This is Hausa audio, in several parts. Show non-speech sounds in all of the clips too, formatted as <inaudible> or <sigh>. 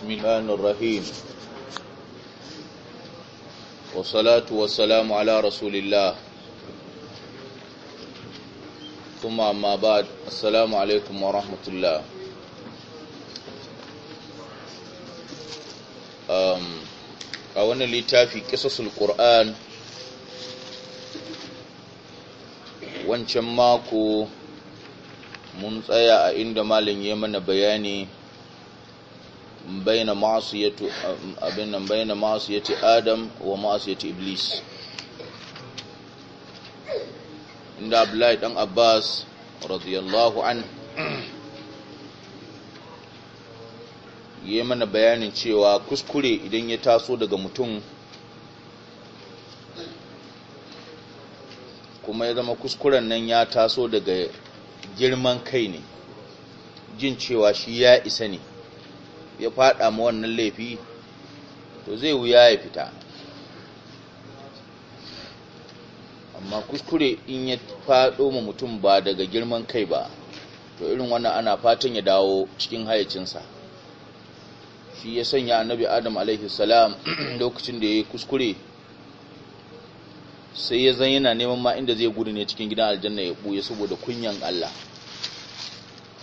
بسم الله الرحيم والصلاة والسلام على رسول الله ثم أما بعد السلام عليكم ورحمة الله a wannan littafi kisasul qur'an wancan mako mun tsaya a inda malin ya mana bayani baina abin baina adam wa ma'asiyati iblis inda abdullahi dan abbas radiyallahu an yi mana bayanin cewa kuskure idan ya taso daga mutum kuma ya zama kuskuren nan ya taso daga girman kai ne jin cewa shi ya isa ne ya fada ma wannan laifi to zai wuya ya fita amma kuskure in ya fado ma mutum ba daga girman kai ba to irin wannan ana fatan ya dawo cikin hayacinsa shi ya sanya annabi adam alaihi salam <clears throat> lokacin da ya yi kuskure sai ya zan yana neman ma inda zai gudu ne cikin gidan aljanna ya buya saboda kunyan Allah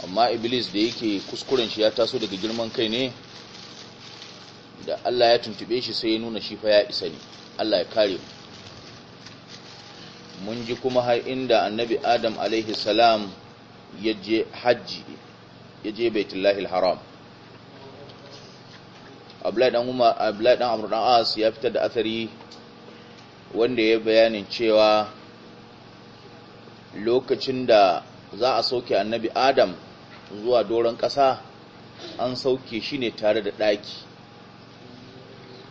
amma iblis da yake kuskuren shi ya taso daga girman kai ne da Allah ya tuntube shi sai ya nuna shi fa ya isa ne Allah ya kare mu mun ji kuma har inda annabi adam alaihi salam ya je hajji ya je baitullahi haram abdullahi dan umar abdullahi dan amru dan as ya fitar da athari wanda ya bayanin cewa lokacin da za a soke annabi adam zuwa doron ƙasa an sauke shi ne tare da ɗaki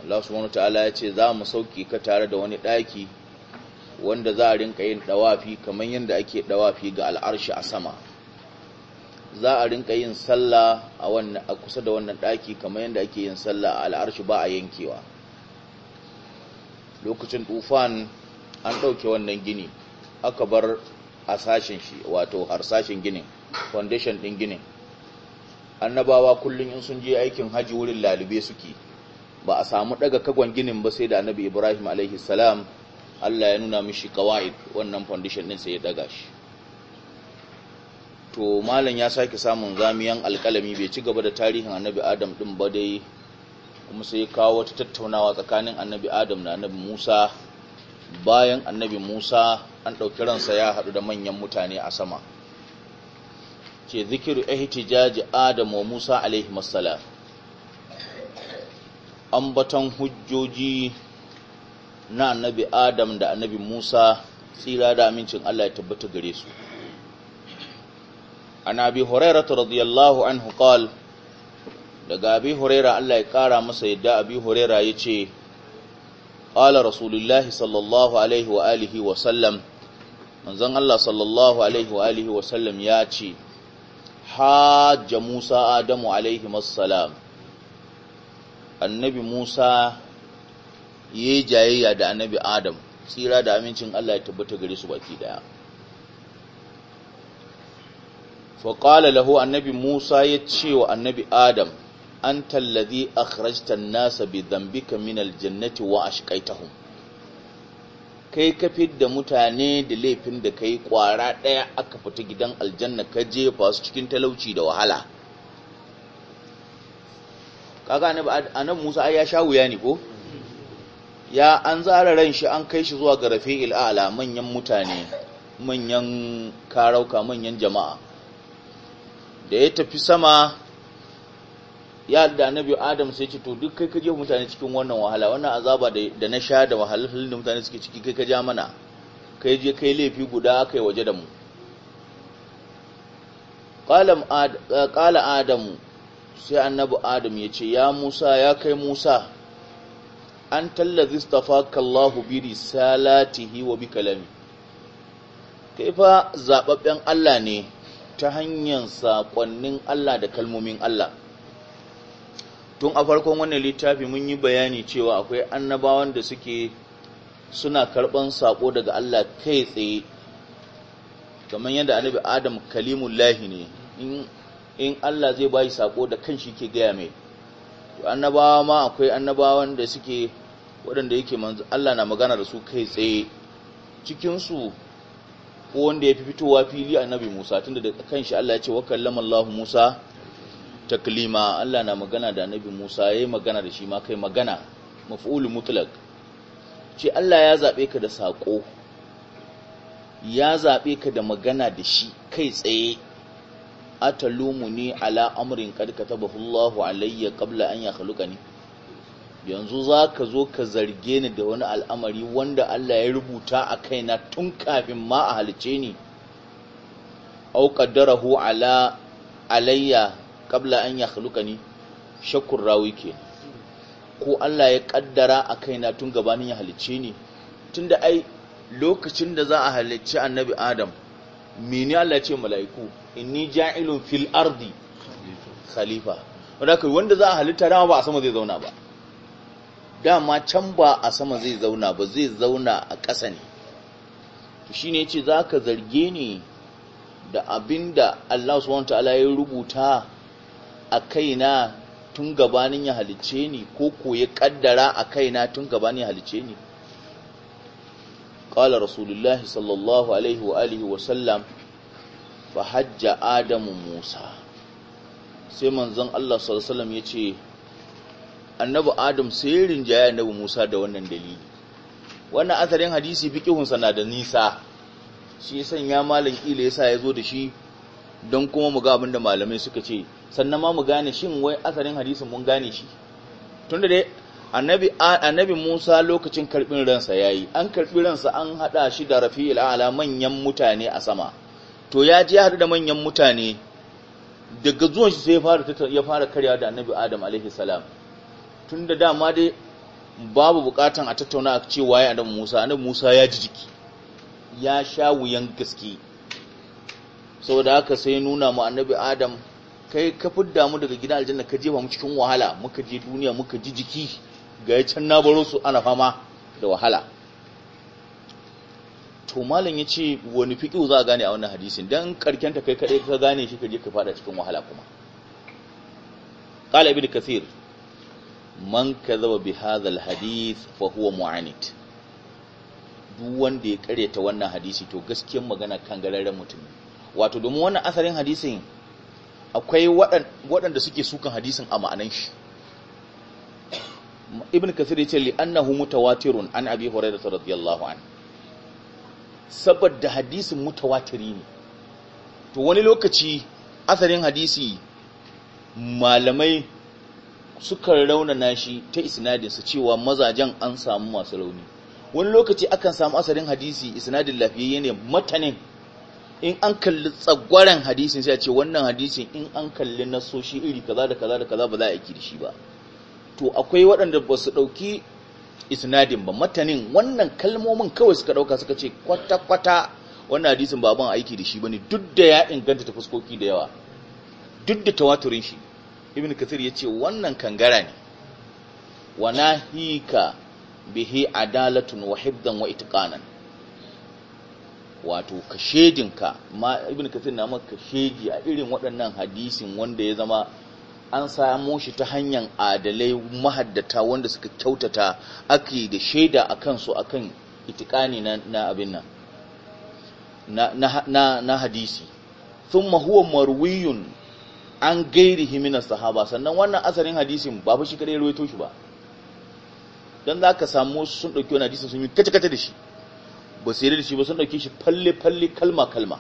Allah wani ta'ala ya ce za mu sauke ka tare da wani ɗaki wanda za a rinka yin ɗawafi kamar yadda ake ɗawafi ga al'arshi a sama za a rinka yin sallah a wannan a kusa da wannan ɗaki kamar yadda ake yin sallah a al'arshi ba a yankewa lokacin tufan an ɗauke wannan gini aka bar a sashen shi wato sashen ginin foundation din ginin annabawa kullum in sun je aikin haji wurin lalube suke ba a samu daga kagon ginin ba sai da annabi ibrahim alaihi salam allah ya nuna mishi kawai wannan foundation din sai ya daga shi to malam ya sake samun zamiyan alkalami bai ci gaba da tarihin annabi adam ɗin ba dai kuma sai ya kawo wata tattaunawa tsakanin annabi adam da annabi musa bayan annabi musa an ɗauki ransa ya haɗu da manyan mutane a sama ce zikiru ihtijaji Adam wa Musa alaihi an ambaton hujjoji na annabi Adam da annabi Musa tsira da amincin Allah ya tabbata gare su an abi hurairah radiyallahu anhu qala daga abi huraira Allah ya kara masa yadda abi huraira ya ce ala rasulullahi sallallahu alaihi wa alihi wa sallam manzon Allah sallallahu alaihi wa alihi wa sallam ya ce hajja Musa Adamu alaihi salam annabi Musa yayi jayayya da annabi Adam tsira da amincin Allah ya tabbata gare su baki daya fa lahu annabi Musa ya ce wa annabi Adam an tallazi akhrajta nasa bi dhanbika min jannati wa ashqaitahum kai ka da mutane da laifin da kai kwara ɗaya aka fita gidan aljanna ka jefa su cikin talauci da wahala kaga annabi Musa ya sha wuya ne ko ya an zara ran shi an kai shi zuwa ga rafi a'la manyan mutane manyan karauka manyan jama'a da ya tafi sama ya da annabi adam sai ce to duk kai ka je mutane cikin wannan wahala wannan azaba da na sha da wahalhalun da mutane suke ciki kai ka ja mana kai je kai laifi guda kai waje da mu qala adamu sai annabi adam ya ce ya musa ya kai musa an tallazi stafaka allah bi risalatihi wa bi kalami kai fa zababben Allah ne ta hanyar saƙonnin Allah da kalmomin Allah tun a farkon wannan littafi mun yi bayani cewa akwai annabawan da suke suna karban saƙo daga Allah kai tsaye kamar yadda annabi Adam Kalimun lahi ne in Allah zai bayi saƙo da kanshi ke gaya mai to annabawa ma akwai annabawan da suke waɗanda yake manzu, Allah na magana da su kai tsaye cikinsu. ko wanda ya fi fitowa fili annabi Musa tunda da kanshi Allah ya ce wa Allah Musa taklima Allah na magana da annabi Musa yi magana da shi ma kai magana maf'ul mutlak ce Allah ya zabe ka da sako ya zaɓe ka da magana da shi kai tsaye atalumuni ala amrin kad katabahu Allahu alayya qabla an yakhluqani yanzu za ka zo ka zarge ni da wani al'amari wanda Allah ya rubuta a kaina tun kafin ma a halice ni au qaddarahu ala alayya Kabla an ni shakkur rawi ke ko Allah ya kaddara a kaina tun gabanin ya halicce ni tunda ai lokacin da za a halicci annabi Adam mene Allah ce mala'iku inni ja'ilun fil ardi khalifa wanda wanda za a halitta dama ba a sama zai zauna ba dama can ba a sama zai zauna ba zai zauna a ƙasa ne to shine yace zaka zarge ni da abinda Allah subhanahu wa ta'ala ya rubuta a kaina tun gabanin ya halice ni ko koye kaddara a kaina tun gabanin ya halice ni Ƙala rasulullah sallallahu alaihi wa alihi wa sallam fa hajja adamu musa sai manzon Allah sallallahu alaihi wasallam yace annabi adam sai rinjaya annabu musa da wannan dalili wannan asarin hadisi fiqihunsa na da nisa shi sanya malam kila sa ya zo da shi don kuma mu ga abin da malamai suka ce sannan ma mu gane shin wai asalin hadisin mun gane shi tunda dai annabi annabi Musa lokacin karbin ransa yayi an karbi ransa an hada shi da Rafi'il A'la manyan mutane a sama to ya je hadu da manyan mutane daga zuwan shi sai ya fara ya fara karya da annabi Adam alaihi salam tunda dama dai babu bukatan a tattauna a ce waye annabi Musa annabi Musa ya ji jiki ya sha wuyan gaske saboda haka sai nuna mu annabi Adam kai ka fidda mu daga gidan aljanna ka jefa mu cikin wahala muka je duniya muka ji jiki ga ya can na baro su ana fama da wahala to malam ce wani fiqhu za gane a wannan hadisin dan karken ta kai kadai ka gane shi ka je ka fada cikin wahala kuma qala ibnu kathir man kadhaba bi hadha hadis fa huwa mu'anid duk wanda ya karyata wannan hadisi to gaskiyar magana kan galaren mutum wato domin wannan asarin hadisin akwai waɗanda suke sukan hadisin a ma'anan shi ibn kasir ya li annahu mutawatirun an abi hurairah radiyallahu an saboda hadisin mutawatiri ne to wani lokaci asalin hadisi malamai suka rauna nashi ta isnadin su cewa mazajen an samu masu rauni wani lokaci akan samu asalin hadisi isnadin lafiyayye ne matanin in an kalli tsagwaren hadisin sai a ce wannan hadisin in an kalli nasoshi iri kaza da kaza da kaza ba za a yi shi ba to akwai waɗanda ba su ɗauki isnadin ba matanin wannan kalmomin kawai suka ɗauka suka ce kwata-kwata wannan hadisin ba ban aiki da shi ba ne duk da ya inganta ta fuskoki da yawa duk da tawaturin shi ibn kasir ya ce wannan kangara ne wa nahika bihi adalatun wa hibdan wa itqanan wato kashedinka ma ibn na maka kashedi a irin waɗannan hadisin wanda ya zama an samo shi ta hanyar adalai mahaddata wanda suka kyautata ake da shaida a kansu a kan itikani na abin nan na hadisi sun mahuwa marwiyun an gairi himinar sahaba sannan wannan asarin hadisin ba fi shi kare ruwaito shi ba don za ka samu sun ɗauki wani hadisin sun yi kace da shi ba su yi da shi ba sun dauke shi falle falle kalma kalma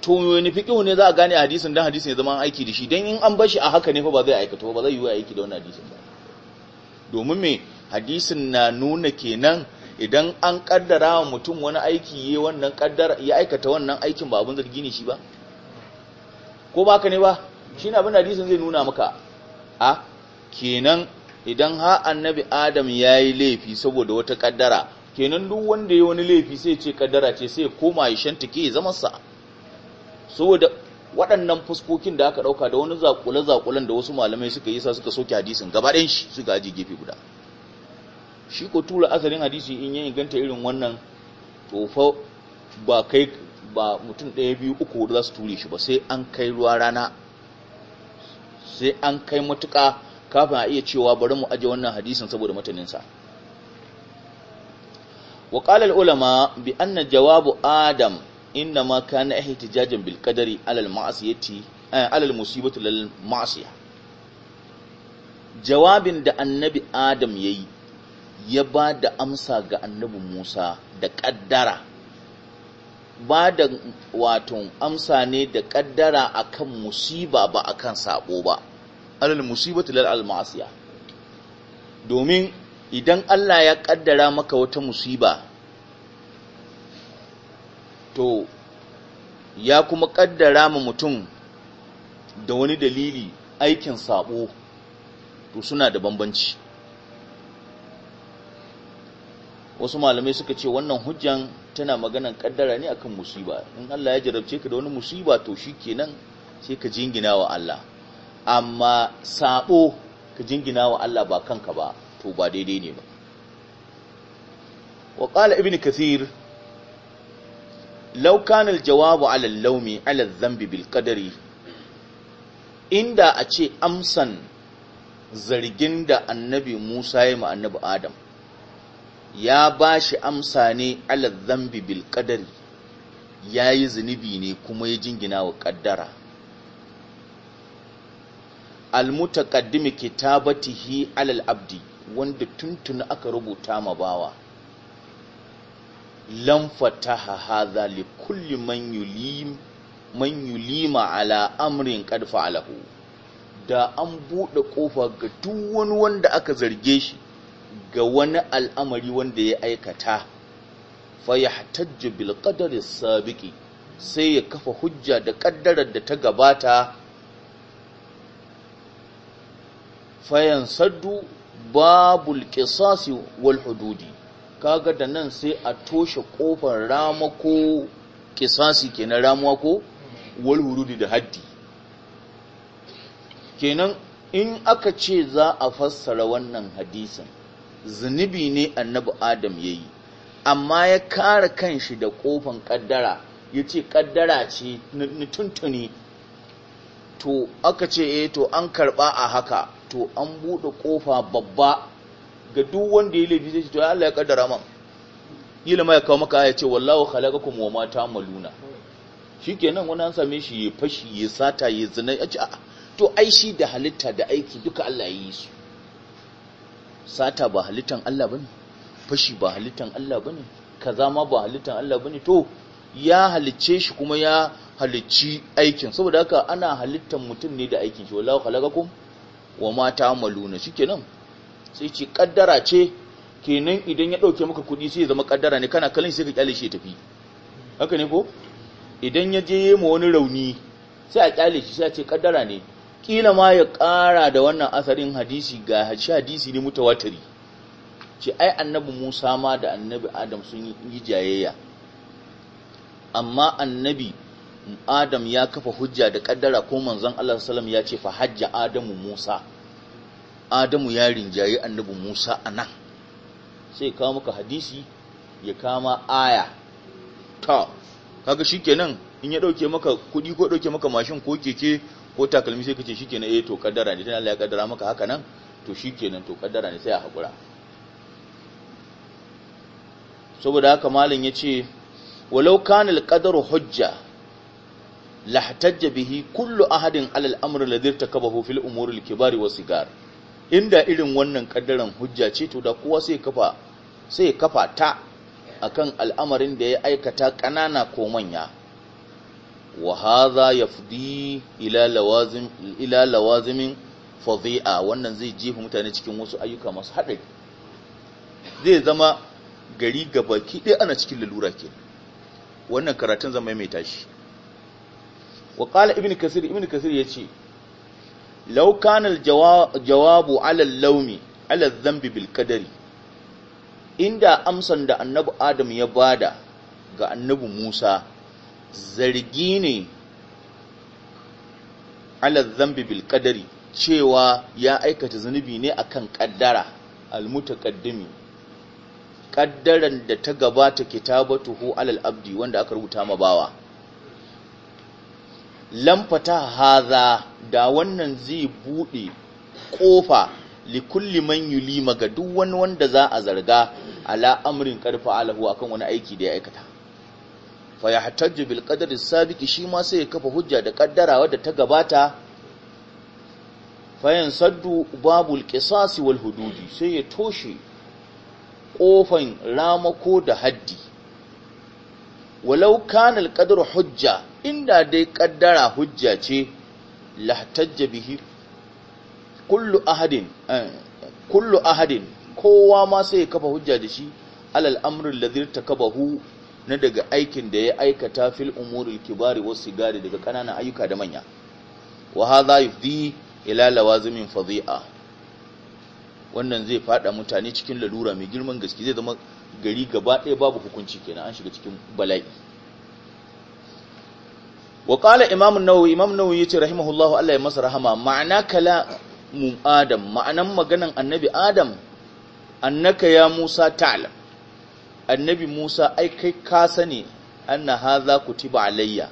to wani fiqhu ne za a gane hadisun don hadisun ya zama aiki da shi don in an bashi a haka ne fa ba zai aikata ba zai yi wa aiki da wani hadisun ba domin me hadisun na nuna kenan idan an kaddara wa mutum wani aiki ya wannan kaddara ya aikata wannan aikin ba abin zargi ne shi ba ko ba ka ne ba shi na abin hadisun zai nuna maka a kenan idan ha annabi adam ya yi laifi saboda wata kaddara kenan duk wanda ya wani laifi sai ce kaddara ce sai koma ya shanta ke zama sa saboda waɗannan fuskokin da aka ɗauka da wani zakule-zakulen da wasu malamai suka yi sa suka soke hadisin gaba ɗayan shi suka aji gefe guda shi ko tura asalin hadisi in ya inganta irin wannan tofa ba kai ba mutum ɗaya biyu uku za su ture shi ba sai an kai ruwa rana sai an kai matuka. kafin a iya cewa bari mu aje wannan hadisin saboda mataninsa wa qala al ulama bi anna jawabu adam inna ma kana ihtijajan bil qadari ala al ma'siyati eh, ala al musibati lil ma'siya jawabin da annabi adam yayi ya ba da amsa ga annabi Musa da ƙaddara ba da wato amsa ne da ƙaddara akan musiba ba akan sabo ba alal musibati lal al domin idan Allah ya kaddara maka wata musiba to ya kuma kaddara ma mutum da wani dalili aikin sabo to suna da bambanci wasu malamai suka ce wannan hujjan tana maganan kaddara ne akan musiba in Allah ya jarabce ka da wani musiba to shikenan sai ka jingina wa Allah amma sabo ka jingina wa Allah ba kanka ba to ba daidai ne ba wa qala ibn kathir law kana aljawabu jawabu ala al-lawmi ala dhanbi bil qadari inda a ce amsan zargin da annabi Musa ya ma annabi Adam ya ba shi amsa ne ala dhanbi bil qadari yayi zunubi ne kuma ya jingina wa ƙaddara. almutaqaddimi kitabatihi alal abdi wanda tuntuni aka rubuta ma bawa lam fataha hadha li kulli man yulim yulima ala amrin qad fa'alahu da an bude kofa ga duk wani wanda aka zarge shi ga wani al'amari wanda ya aikata fa yahtajju bil qadari sabiqi sai ya kafa hujja da kaddarar da ta gabata fayan saddu babul kisasi wal hududi kaga da nan sai a toshe kofar ramako kisasi kenan ramuwa ko wal hududi da haddi kenan in aka ce za a fassara wannan hadisin zunubi ne annabi adam ya yi, amma ya kare kanshi da kofan kaddara ya ce kaddara ce na tuntuni to aka ce eh to an karba a haka to an buɗe ƙofa babba ga duk wanda ya laifi zai ce to ya Allah ya kaddara man kila ma ya kawo maka ya ce wallahu khalaqakum wa ma ta'maluna shikenan wani an same shi ya fashi ya sata ya zina ya ce a to ai shi da halitta da aiki duka Allah ya yi su sata ba halittan Allah bane fashi ba halittan Allah bane kaza ma ba halittan Allah bane to ya halicce shi kuma ya halicci aikin saboda haka ana halittan mutum ne da aikin shi wallahu khalaqakum wa mata maluna shikenan sai ce kaddara ce kenan idan ya dauke maka kudi sai ya zama kaddara ne kana kallon sai ka kyale shi tafi haka ne ko idan ya je ma wani rauni sai a kyale shi sai a ce kaddara ne kila ma ya ƙara da wannan asarin hadisi ga hadisi ne mutawatiri ce ai annabi Musa ma da annabi Adam sun yi jayayya amma annabi adam ya kafa hujja da kaddara ko manzon Allah sallam ya ce fa hajja adamu musa adamu ya rinjaye annabi musa anan sai kawo maka hadisi ya kama aya ta kaga shikenan in ya dauke maka kudi ko dauke maka mashin ko keke ko takalmi sai kace shikenan eh to kaddara ne dan Allah ya kaddara maka haka nan to shikenan to kaddara ne sai a hakura saboda haka malam yace walau kana al-qadaru hujja lahtajja bihi kullu ahadin alal amr ladhi takabahu fil umuri al kibari wa sigar inda irin wannan kaddaran hujja ce to da kowa sai kafa sai kafa ta akan al'amarin da ya aikata kanana ko manya wa hadha yafdi ila lawazim ila lawazimin fadhi'a wannan zai jefa mutane cikin wasu ayyuka masu haɗari zai zama gari gabaki ɗaya ana cikin lalura ke wannan karatun zama mai tashi wa qala ibn kasir ibn kasir yace law kana jawabu ala al-lawmi ala dhanbi bil qadari inda amsan da annabi adam ya bada ga annabi musa zargi ne ala dhanbi bil qadari cewa ya aikata zunubi ne akan kaddara al-mutaqaddimi kaddaran da ta gabata kitabatuhu alal abdi wanda aka rubuta ma bawa lamfata haza da wannan zai buɗe ƙofa likulli man yulima ga duk wani wanda za a zarga ala amrin karfa alahu akan wani aiki da ya aikata fa hatajju bil qadari sabiki shi ma sai ya kafa hujja da kaddara wadda ta gabata fayan saddu babul qisas wal hududi sai ya toshe kofan ramako da haddi walau kana al qadru hujja inda dai kaddara hujja ce lahtajja bihi kullu ahadin eh, kullu ahadin kowa ma sai ya kafa hujja da shi alal amrul ladhi takabahu na daga aikin da ya aikata fil umuril kibari was sigari daga kananan ayyuka da manya wa hadha yufdi ila lawazimin fadhi'a wannan zai fada mutane cikin lalura mai girman gaske zai zama gari gaba ɗaya babu hukunci kenan an shiga cikin bala'i wa qala imam an-nawawi imam an-nawawi yace rahimahullahu Allah ya masa rahama ma'ana kalamu adam ma'anan maganan annabi adam annaka ya Musa ta'lam annabi Musa ai kai ka ha za ku kutiba alayya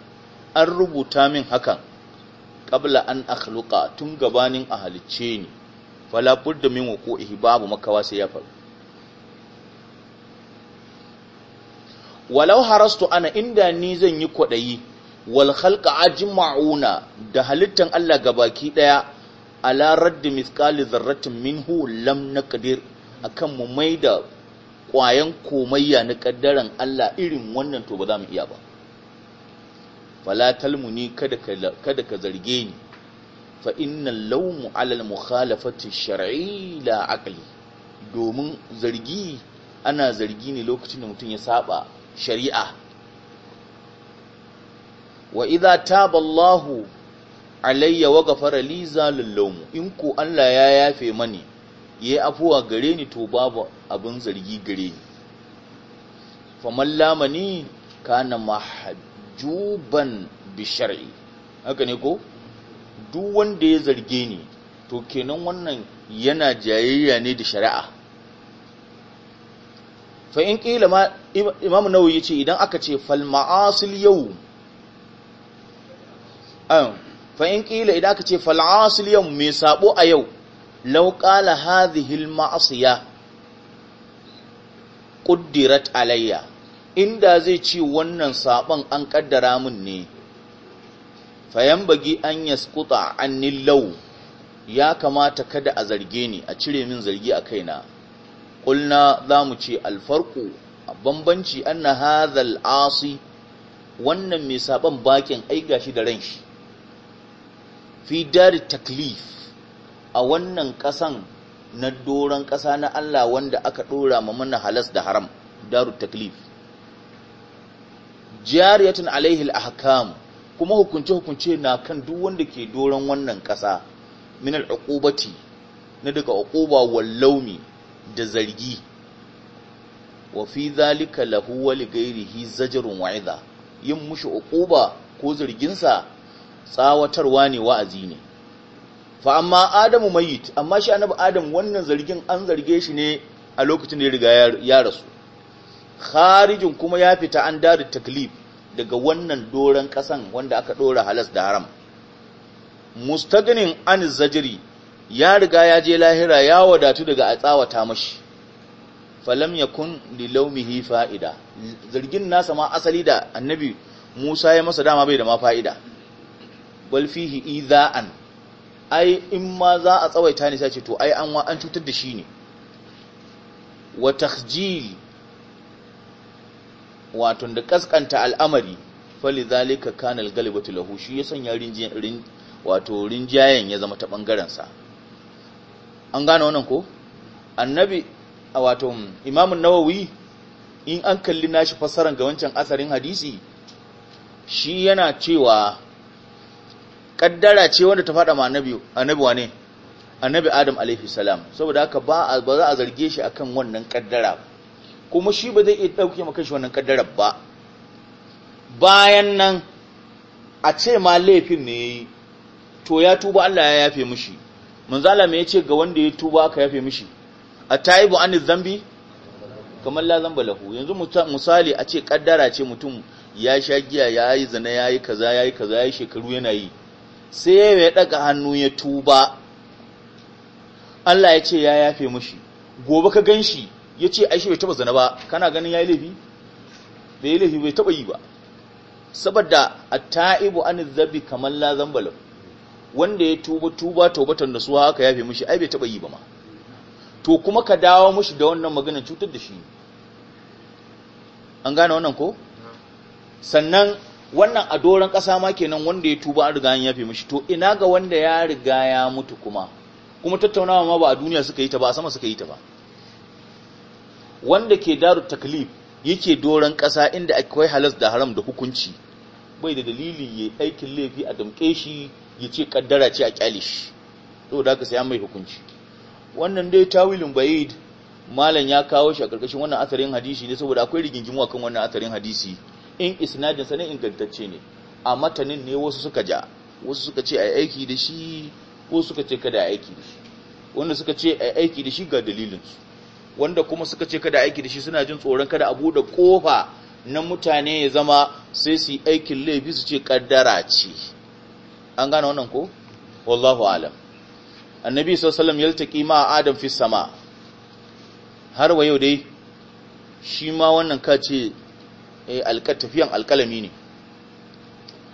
an rubuta min hakan ƙabla an akhluqa tun gabanin a halicce ni fala budda min wuqu'ihi babu makawa sai ya faru walau harastu ana inda ni zan yi kwaɗayi wal khalqa ajma'una da halittan Allah gabaki daya ala radd mithqali dharratin minhu lam naqdir akan mu maida kwayan komayya na kaddaran Allah irin wannan to ba za mu iya ba fala talmuni kada kada ka zarge ni fa innal lawmu ala al mukhalafati shar'i la aqli domin zargi ana zargi ne lokacin da mutum ya saba shari'a wa idza taballahu alayya wa ghafara li zalallawmu in ko Allah ya yafe mani yayi afuwa gare ni to babu abin zargi gare ni fa lamani kana mahjuban bi shar'i haka ne ko duk wanda ya zarge ni to kenan wannan yana jayayya ne da shari'a fa in kila ma imam nawawi yace idan aka ce fal ma'asil yawm fa in idan aka ce fal mai sabo a yau law qala hadhihi al ma'siya quddirat alayya inda zai ce wannan sabon an kaddara min ne fayan bagi an yasquta anni law ya kamata kada a zarge ni a cire min zargi a kaina kulna zamu ce a bambanci anna hadha asi wannan mai saban bakin ai gashi da ran shi fi dari taklif a wannan ƙasan na doron ƙasa na Allah wanda aka ɗora ma mana halas da haram daru taklif jariyatun alaihi al-ahkam kuma hukunce hukunce na kan duk wanda ke doron wannan ƙasa min al-uqubati na daga uquba wallaumi da zargi wa fi zalika lahu wa li ghairihi zajrun wa'idha yin mushi uquba ko zarginsa tsawatarwa ne wa'azi ne fa amma adamu mayit amma shi annabi adam wannan zargin an zarge shi ne a lokacin da ya riga ya rasu kharijin kuma ya fita an dari taklif daga wannan doron kasan wanda aka dora halas da haram mustagnin an zajiri ya riga ya je lahira ya wadatu daga a tsawata mashi falam yakun lilaumihi fa'ida zargin nasa ma asali da annabi Musa ya masa dama bai da ma fa'ida bal fihi idha'an ai in ma za a tsawaita ne sai ce to ai an wa an cutar da shi ne wa takhjil wato da kaskanta al'amari falidhalika kana al-galibatu lahu shi ya sanya rinjiyan wato rinjayen ya zama ta bangaren sa an gane wannan ko annabi wato imam an-nawawi in an kalli nashi fassaran ga wancan asarin hadisi shi yana cewa kaddara ce wanda ta fada ma annabi annabi wane annabi adam alaihi salam saboda haka ba ba za a zarge shi akan wannan kaddara kuma shi ba zai iya dauke maka shi wannan kaddara ba bayan nan a ce ma laifin ne yayi to ya tuba Allah ya yafe mishi manzo Allah me yace ga wanda ya tuba ka yafe mishi ataibu aniz zambi kamar la zamba lahu yanzu misali a ce kaddara ce mutum ya sha giya ya yi zina ya yi kaza ya yi kaza ya yi shekaru yana yi sai ya daga hannu ya tuba Allah ya ce ya yafe mushi gobe ka ganshi ya ce aishi bai taba zana ba kana ganin ya yi laifi bai yi laifi bai taba yi ba saboda a taibu an zabi kamar la zambalam wanda ya tuba tuba taubatan da su haka yafe mushi ai bai taba yi ba ma to kuma ka dawo mushi da wannan maganar cutar da shi an gane wannan ko sannan wannan a doron ƙasa ma kenan wanda ya tuba an riga ya yafe mishi to ina ga wanda ya riga ya mutu kuma kuma tattaunawa ma ba a duniya suka yi ta ba a sama suka yi ta ba wanda ke daru taklif yake doron ƙasa inda akwai halas da haram da hukunci bai da dalili ya aikin laifi a damƙe shi ya ce kaddara ce a kyale shi saboda haka sai mai hukunci wannan dai tawilin bayid malam ya kawo shi a ƙarƙashin wannan asarin hadisi ne saboda akwai rigingimu akan wannan asarin hadisi in isnadin sa ne ingantacce ne a matanin ne wasu suka ja wasu suka ce ai aiki da shi ko suka ce kada aiki da shi wanda suka ce ai aiki da shi ga dalilin wanda kuma suka ce kada aiki da shi suna jin tsoron kada a buɗe kofa na mutane ya zama sai su yi aikin laifi su ce kaddara ce an gane wannan ko wallahu alam annabi sallallahu alaihi wasallam yaltaqi ma adam fi sama har wa yau dai shi ma wannan kace Eh, tafiyan alkalami ne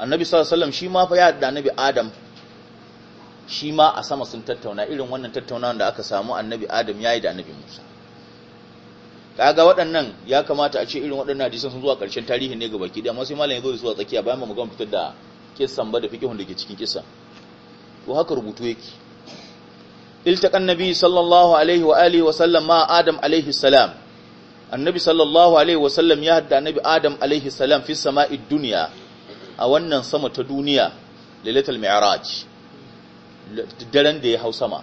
annabi sallallahu alaihi shi ma fa ya da annabi adam shi ma a sama sun tattauna irin wannan tattaunawan da aka samu annabi adam yayi da annabi musa kaga waɗannan ya kamata a ce irin waɗannan hadisan sun zuwa ƙarshen tarihi ne gabaki da amma yi malam ya zo zuwa tsakiya bayan mu gama fitar da kissan ba da fiqhun da ke cikin kissa to haka rubutu yake iltaqan nabi sallallahu alaihi wa alihi wa sallam ma adam alaihi salam annabi sallallahu alaihi wasallam ya hadda annabi adam alaihi salam fi sama'id dunya a wannan sama ta duniya lailatul mi'raj daren da ya hau sama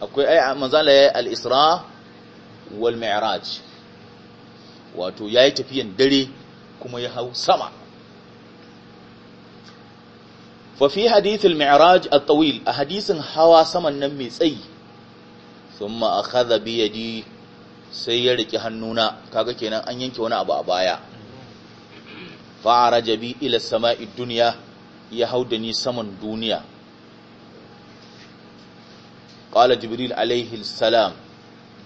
akwai ai manzala ya al-isra wal mi'raj wato yayi tafiyan dare kuma ya hau sama fa fi hadithul mi'raj at-tawil a hadisin hawa saman nan mai tsayi thumma akhadha bi yadi sai ya riki hannuna kaga kenan an yanke wani abu a baya fa'ara jabi ila sama'i duniya ya hau da ni saman duniya ƙala jibril alaihi salam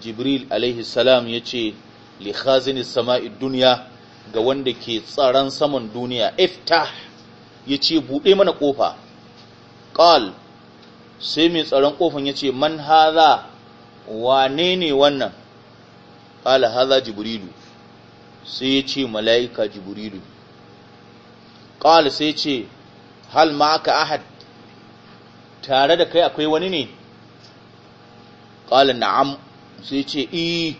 jibril alaihi salam ya ce li khazini sama'i duniya ga wanda ke tsaron saman duniya ifta ya ce buɗe mana ƙofa ƙal sai mai tsaron ƙofan ya ce man haza wane ne wannan kala haza jibrilu sai ya ce mala'ika jibrilu kala sai ya ce hal ma'aka ahad tare da kai akwai wani ne qala na'am sai ya ce i e,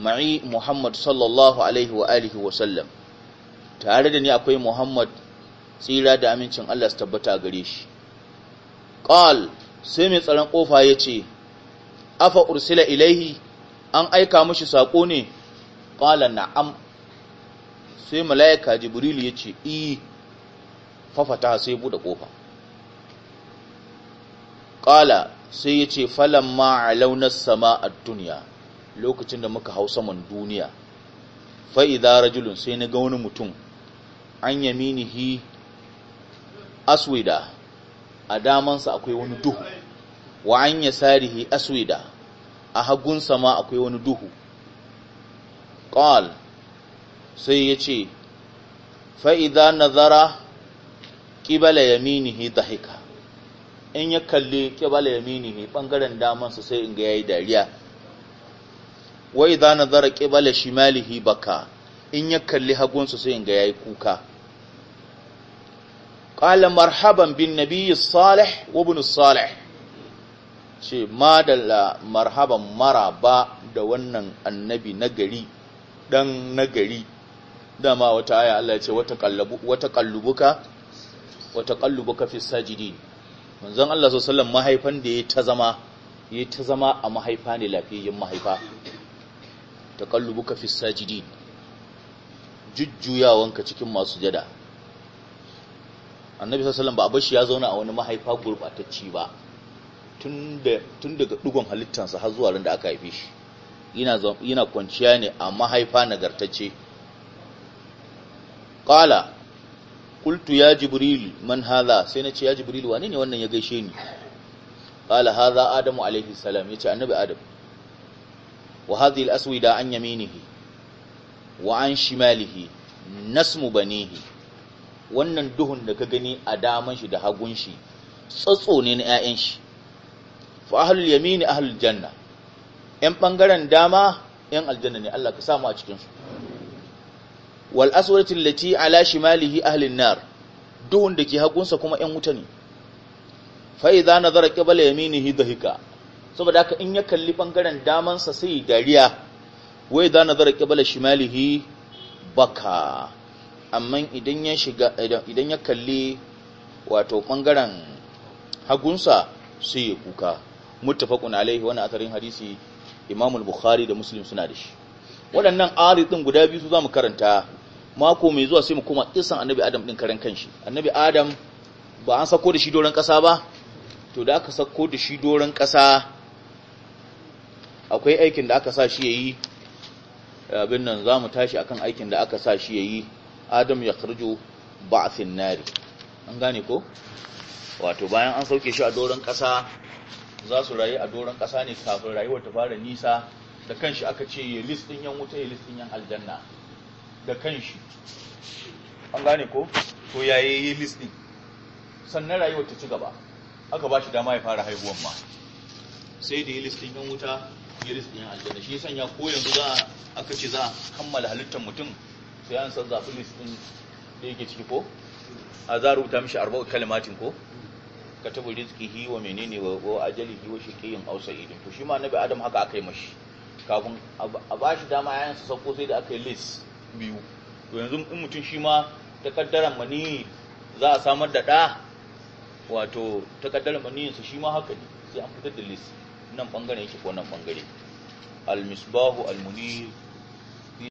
ma'i muhammad sallallahu alaihi wa alihi wa sallam tare da ni akwai muhammad tsira da amincin Allah su tabbata gare shi kala sai mai tsaron kofa ya ce afa ursila ilaihi an aika mashi saƙo ne ƙwala na'am sai mala'ika jibril ya ce iya e, fafata sai buɗe ƙofa ƙala sai ya ce falon ma'alaunar sama a duniya lokacin da muka hau saman duniya fa'iza rajulun sai na ga wani mutum an yaminihi aswida a damansa akwai wani duhu wa an yasarihi aswida a hagunsa ma akwai wani duhu ƙwal sai ya ce fa'iza nazara ƙibala yaminihi dahika in ya kalli ƙibala yaminihi ɓangaren damansa sai in ga ya dariya wa nazara ƙibala shimalihi baka in ya kalli hagunsa sai in ga ya kuka ƙala marhaban bin nabiyyi salih wa bin salih ce madalla marhaban ba da wannan annabi nagari dan nagari dama wata aya Allah ya ce wata kallabu wata kallubuka wata kallubuka fi sajidin manzon Allah sallallahu alaihi wasallam mahaifan da yayi ta zama yayi ta zama a mahaifa ne lafiyayyen mahaifa kallubuka fi sajidin jujjuyawanka cikin masu jada annabi sallallahu alaihi wasallam ba a bashi ya zauna a wani mahaifa gurbatacci ba tun daga dugon halittansa har zuwa da aka haife shi yana kwanciya ne a mahaifa nagartacce ƙala kultu ya jibril man haza sai na ce ya jibril wane ne wannan ya gaishe ni ƙala haza adamu alaihi salam ya ce annabi adam wa hadhihi al da an yaminihi wa an shimalihi nasmu banihi wannan duhun da ka gani a daman shi da hagun shi tsatso ne na 'ya'yan shi fa ahlul yamini ahlul janna yan bangaren dama yan aljanna ne Allah ka samu a cikin su wal aswati lati ala shimalihi ahlun nar duhun da ke hagunsa kuma yan wuta ne fa idza nazara qibla yaminihi dhahika saboda haka in ya kalli bangaren sa sai dariya wai idza nazara qibla shimalihi baka amma idan ya shiga idan ya kalli wato bangaren hagunsa sai ya kuka muttafaqun alaihi wannan asarin hadisi Imam al-Bukhari da Muslim suna da shi waɗannan ari din guda biyu su zamu karanta mako mai zuwa sai mu koma isan Annabi Adam din karan kanshi Annabi Adam ba an sako da shi doron ƙasa ba to da aka sako da shi doron ƙasa akwai aikin da aka sa shi yayi abin nan zamu tashi akan aikin da aka sa shi yayi Adam ya kharju ba'thin nari an gane ko wato bayan an sauke shi a doron kasa za su rayu a doron ƙasa ne kafin rayuwar ta fara nisa da kanshi aka ce ya list ɗin yan wuta ya list ɗin yan aljanna da kanshi an gane ko to yaye yi list ɗin sannan rayuwar ta ci gaba aka ba shi dama ya fara haihuwan ma sai da ya list ɗin yan wuta ya list ɗin yan aljanna shi sanya ko yanzu za aka ce za a kammala halittar mutum sai an san zafi list ɗin da yake ciki ko a za a rubuta mishi arba'u kalimatin ko katabu rizqihi wa menene wa ajalihi wa shaqiyin aw sa'idin to shi ma nabi adam haka aka yi mashi kafin a ba shi dama yayin sa sako sai da aka yi biyu to yanzu in mutum shi ma takaddaran mani za a samar da da wato takaddaran mani sa shi ma haka ne sai an fitar da list nan bangaren shi ko nan bangare al misbahu al munir